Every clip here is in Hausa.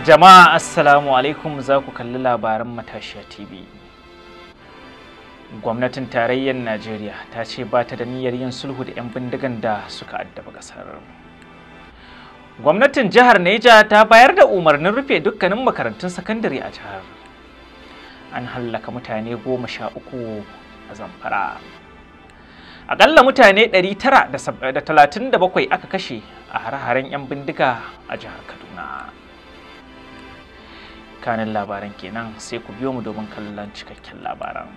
Jama'a Assalamu alaikum za ku kalli labaran matashiya TV. Gwamnatin tarayyar Najeriya ta ce ba ta da niyyar yin sulhu da 'yan bindigan da suka addaba kasar. Gwamnatin jihar Neja ta bayar da umarnin rufe dukkanin makarantun sakandare a jihar. An hallaka mutane goma sha uku a zamfara. akalla mutane bakwai aka kashe a hare-haren 'yan bindiga a jihar Kaduna. kanin labaran kenan sai ku biyo mu domin kallon cikakken labaran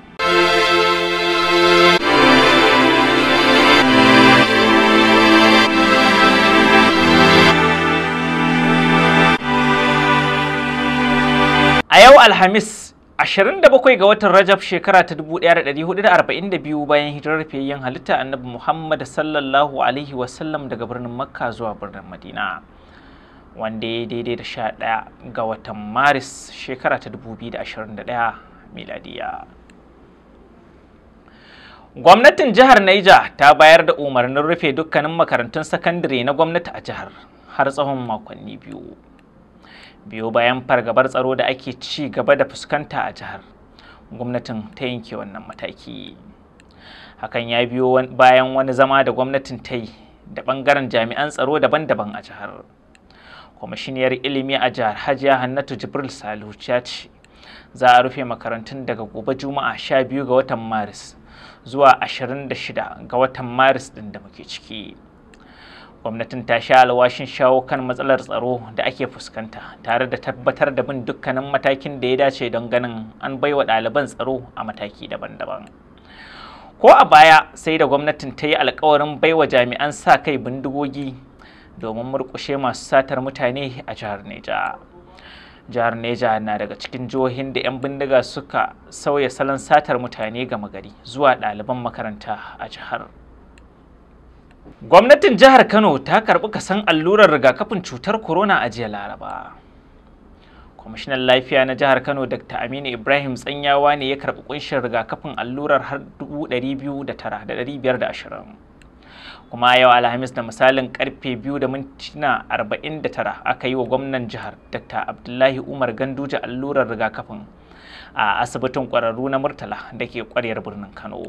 a yau alhamis 27 ga watan Rajab shekara ta 1442 bayan hijirar fiyayyen halitta Annabi Muhammad sallallahu alaihi wasallam daga birnin Makka zuwa birnin Madina. wanda ya daidai da sha ɗaya ga watan maris shekara ta da 2021 miladiya gwamnatin jihar Niger ta bayar da umarnin rufe dukkanin makarantun sakandare na gwamnati a jihar har tsawon makonni biyu Biyu bayan fargabar tsaro da ake ci gaba da fuskanta a jihar gwamnatin ta yanke wannan mataki hakan ya biyo bayan wani zama da gwamnatin ta yi da bangaren jami'an tsaro daban-daban a jihar. kwamishiniyar ilimi a jihar hajiya hannatu jibril Salihu ya ce za a rufe makarantun daga gobe juma'a 12 ga watan maris zuwa 26 ga watan maris din da muke ciki gwamnatin ta sha alwashin shawo kan matsalar tsaro da ake fuskanta tare da tabbatar da bin dukkanin matakin da ya dace don ganin an bai wa ɗaliban tsaro a mataki daban-daban ko a baya sai da gwamnatin ta yi alkawarin baiwa jami'an sa kai bindigogi domin murƙushe masu satar mutane a jihar Neja. Jihar Neja na daga cikin jihohin da 'yan bindiga suka sauya salon satar mutane gama gari zuwa ɗaliban makaranta a jihar. Gwamnatin jihar Kano ta karɓi kasan allurar rigakafin cutar corona a jiya Laraba. kwamishinan lafiya na jihar kano dr aminu ibrahim tsanyawa ne ya karɓi ƙunshin rigakafin allurar har 209,520 kuma yau alhamis da misalin karfe biyu da mintuna arba'in da tara aka yi wa gwamnan jihar dr abdullahi umar ganduje allurar rigakafin a asibitin kwararru na murtala da ke kwaryar birnin kano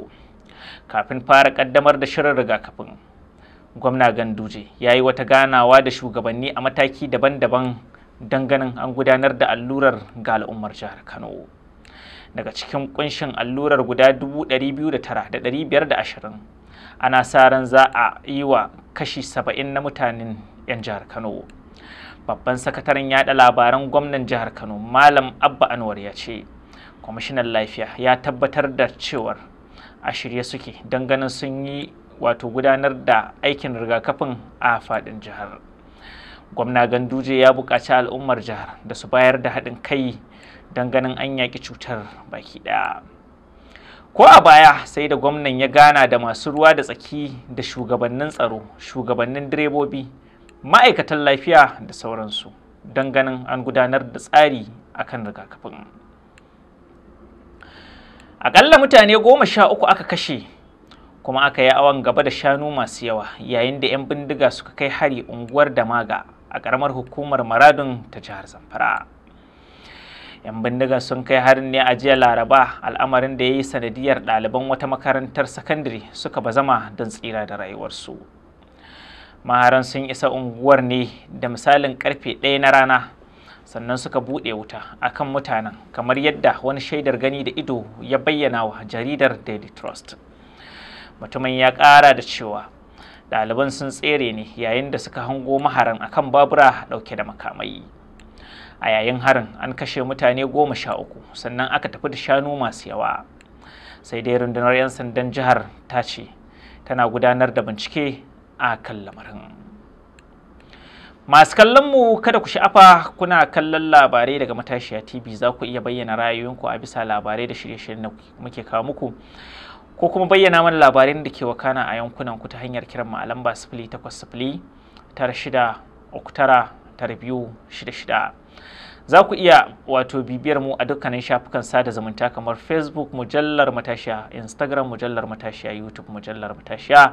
kafin fara kaddamar da shirin rigakafin gwamna ganduje ya yi wata ganawa da shugabanni a mataki daban-daban ganin an gudanar da allurar ga al'ummar jihar kano daga cikin kunshin allurar guda ashirin. ana sa ran za a yi wa kashi saba'in na mutanen 'yan jihar kano babban sakataren yada labaran gwamnan jihar kano malam abba anwar ya ce kwamishinan lafiya ya tabbatar da cewar a shirye suke don ganin sun yi wato gudanar da aikin rigakafin a faɗin jihar gwamna ganduje ya buƙaci al'ummar jihar da su bayar da haɗin kai don ganin an yaƙi cutar baki ɗaya ko a baya sai da gwamnan ya gana da masu ruwa da tsaki da shugabannin tsaro shugabannin direbobi ma'aikatan lafiya da sauransu don ganin an gudanar da tsari akan rigakafin akalla mutane goma sha uku aka kashe kuma aka yi awon gaba da shanu masu yawa yayin da 'yan bindiga suka kai hari unguwar damaga a ƙaramar hukumar maradun ta jihar zamfara 'yan bindigar sun kai harin ne a jiya laraba al'amarin da ya yi sanadiyar ɗaliban wata makarantar sakandare suka bazama don tsira da rayuwarsu maharan sun isa unguwar ne da misalin karfe ɗaya na rana sannan suka buɗe wuta akan mutanen kamar yadda wani shaidar gani da ido ya bayyana wa jaridar daily trust mutumin ya ƙara da cewa ɗaliban sun tsere ne yayin da suka hango maharan akan babura ɗauke da makamai a yayin harin an kashe mutane goma sha uku sannan aka tafi da shanu masu yawa sai dai rundunar 'yan sandan jihar ta ce tana gudanar da bincike a kan lamarin masu kallon mu kada ku sha'afa kuna kallon labarai daga matashiya tv za ku iya bayyana ra'ayoyinku a bisa labarai da shirye-shiryen da muke kawo muku ko kuma bayyana mana labarin da ke wakana a yankunan ku ta hanyar kiran mu a lamba sifili takwas sifili tara shida uku tara tara biyu shida shida za ku iya wato bibiyar mu a dukkanin shafukan sada zumunta kamar facebook mujallar matashiya instagram mujallar matashiya youtube mujallar matashiya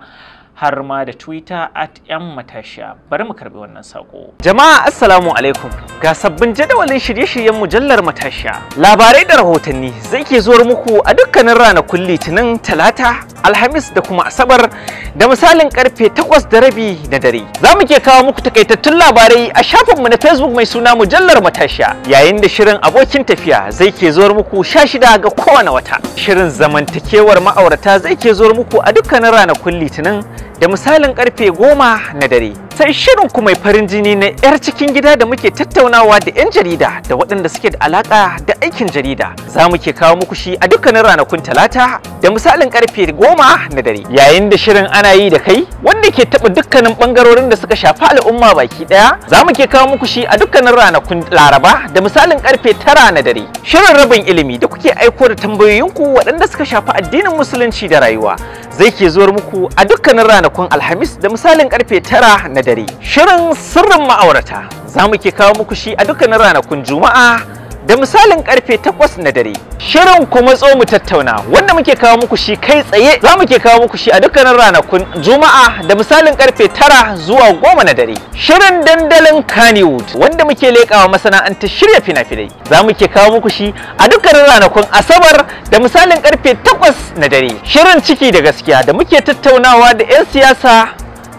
har ma da twitter at yan matashiya bari mu karbi wannan sako jama'a assalamu alaikum ga sabbin jadawalin shirye-shiryen mujallar matashiya labarai da rahotanni zai ke zuwar muku a dukkanin rana kulli litinin talata alhamis da kuma asabar da misalin karfe takwas da rabi da dare za mu ke kawo muku takaitattun labarai a shafinmu na facebook mai suna mujallar matashiya yayin da shirin abokin tafiya zai ke zuwar muku sha shida ga kowane wata. Shirin zamantakewar ma'aurata zai ke zuwar muku a dukkanin ranakun Litinin da misalin karfe goma na dare sai shirin ku mai farin jini na 'yar cikin gida da muke tattaunawa da 'yan jarida da waɗanda suke da alaƙa da aikin jarida za mu ke kawo muku shi a dukkanin ranakun talata da misalin karfe goma na dare yayin da shirin ana yi da kai wanda ke taɓa dukkanin ɓangarorin da suka shafi al'umma baki ɗaya za mu ke kawo muku shi a dukkanin ranakun laraba da misalin karfe tara na dare shirin rabin ilimi da kuke aiko da tambayoyinku waɗanda suka shafi addinin musulunci da rayuwa zai ke zuwar muku a dukkanin ranakun alhamis da misalin karfe tara na dare shirin sirrin ma'aurata za mu ke kawo muku shi a dukkanin ranakun juma'a da misalin karfe 8 na dare shirin kuma tso mu tattauna wanda muke kawo muku shi kai tsaye za mu ke kawo muku shi a dukkanin ranakun juma'a da misalin karfe 9 zuwa 10 na dare shirin dandalin Kannywood wanda muke lekawa masana'antar shirya fina-finai za mu ke kawo muku shi a dukkanin ranakun asabar da misalin karfe 8 na dare shirin ciki da gaskiya da muke tattaunawa da 'yan siyasa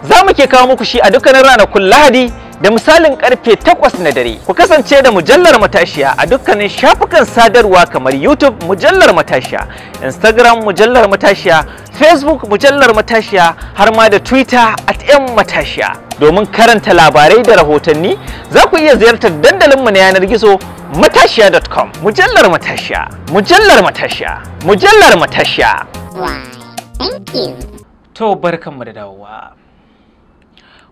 za mu ke kawo muku shi a dukkanin ranakun lahadi da misalin karfe 8 na dare. Ku kasance da mujallar matashiya a dukkanin shafukan sadarwa kamar YouTube mujallar matashiya, Instagram mujallar matashiya, Facebook mujallar matashiya har ma da Twitter at M matashiya. Domin karanta labarai da rahotanni za ku iya ziyartar dandalinmu na yanar gizo matashiya.com mujallar matashiya mujallar matashiya mujallar matashiya. Wow, thank To barkanmu da dawowa.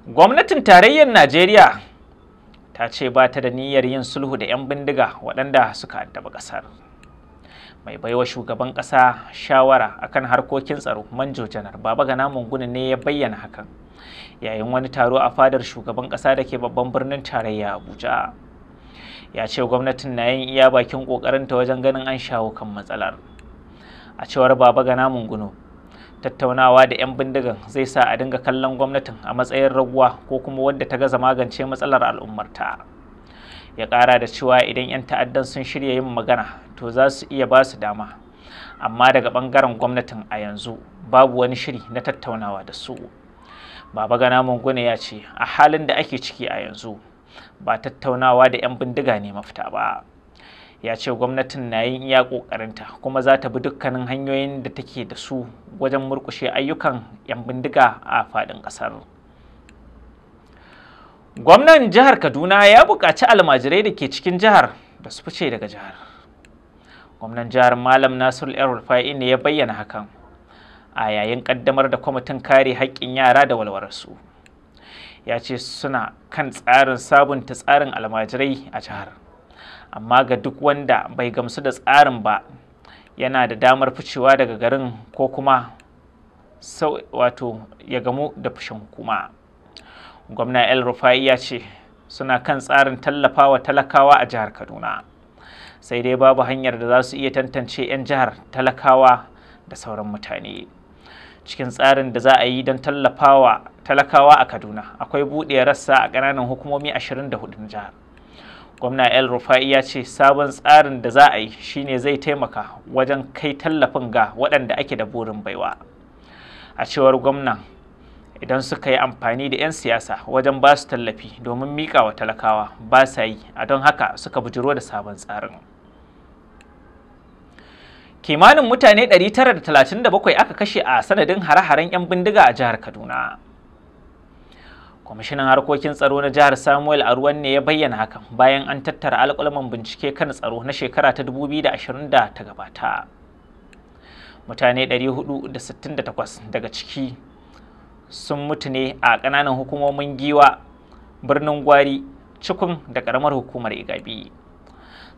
gwamnatin tarayyar najeriya ta ce ba ta da niyyar yin sulhu da 'yan bindiga waɗanda suka addaba ƙasar mai baiwa shugaban ƙasa shawara akan harkokin tsaro manjo janar baba gana mungunan ne ya bayyana hakan yayin wani taro a fadar shugaban ƙasa da ke babban birnin tarayya abuja ya ce gwamnatin na yin iya bakin ƙoƙarinta wajen ganin an shawo kan matsalar a cewar baba gana mungunu tattaunawa da 'yan bindigan zai sa a dinga kallon gwamnatin a matsayin raguwa ko kuma wadda ta gaza magance matsalar al'ummarta ya ƙara da cewa idan 'yan ta'addan sun shirya yin magana to za su iya ba su dama amma daga ɓangaren gwamnatin a yanzu babu wani shiri na tattaunawa da su baba gana mungune ya ce a halin da ake ciki a yanzu ba tattaunawa da 'yan bindiga ne mafita ba ya ce gwamnatin na yin iya ƙoƙarinta kuma za ta bi dukkanin hanyoyin da take da su wajen murƙushe ayyukan 'yan bindiga a faɗin ƙasar gwamnan jihar kaduna ya buƙaci almajirai da ke cikin jihar da su fice daga jihar gwamnan jihar malam Nasiru el-rufai ne ya bayyana hakan a yayin ƙaddamar da kwamitin kare haƙƙin yara da walwararsu ya ce suna kan tsarin sabunta tsarin almajirai a jihar amma ga duk wanda bai gamsu da tsarin ba yana da damar ficewa daga garin ko kuma wato ya gamu da fushin kuma gwamna el rufai ya ce suna kan tsarin tallafawa talakawa a jihar kaduna sai dai babu hanyar da za su iya tantance 'yan jihar talakawa da sauran mutane cikin tsarin da za a yi don tallafawa talakawa a kaduna akwai buɗe rassa a ƙananan hukumomi 24 na jihar gwamna el rufa'i ya ce sabon tsarin da za a yi shine zai taimaka wajen kai tallafin ga waɗanda ake da burin baiwa a cewar gwamna idan suka yi amfani da 'yan siyasa wajen ba su tallafi domin miƙa wa talakawa ba sa yi a don haka suka bujiro da sabon tsarin kimanin mutane 937 aka kashe a sanadin hare-haren 'yan bindiga a jihar kaduna kwamishinan harkokin tsaro na jihar samuel aruwan ne ya bayyana hakan bayan an tattara alƙalaman bincike kan tsaro na shekara ta 2020 ta gabata mutane 468 daga ciki sun mutu ne a ƙananan hukumomin giwa birnin gwari cikun da ƙaramar hukumar igabi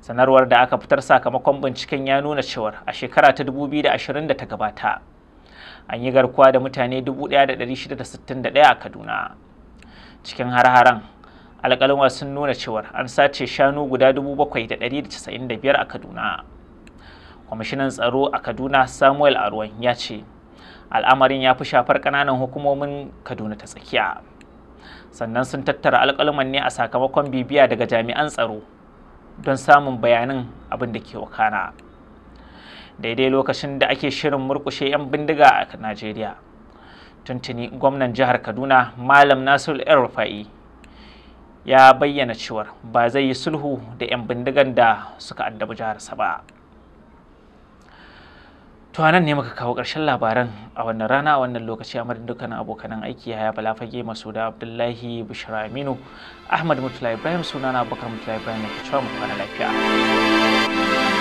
sanarwar da aka fitar sakamakon binciken ya nuna cewar a shekara ta 2020 ta gabata an yi garkuwa da mutane 1661 a kaduna cikin har-haren alƙalin sun nuna cewar an sace shanu guda biyar a kaduna kwamishinan tsaro a kaduna samuel arwan ya ce al'amarin ya fi shafar ƙananan hukumomin kaduna ta tsakiya sannan sun tattara alƙaluman ne a sakamakon bibiya daga jami'an tsaro don samun bayanin abin da ke wakana daidai lokacin da ake shirin murkushe 'yan bindiga a najeriya tuntuni gwamnan jihar kaduna malam nasiru el rufa'i ya bayyana cewar ba zai yi sulhu da 'yan bindigan da suka addabi jiharsa ba to nan ne muka kawo ƙarshen labaran a wannan rana a wannan lokaci a madadin dukkanin abokanan aiki yaya balafage masu da abdullahi bishira aminu ahmad mutula ibrahim sunana bakar mutula ibrahim ne ke cewa mu kwana lafiya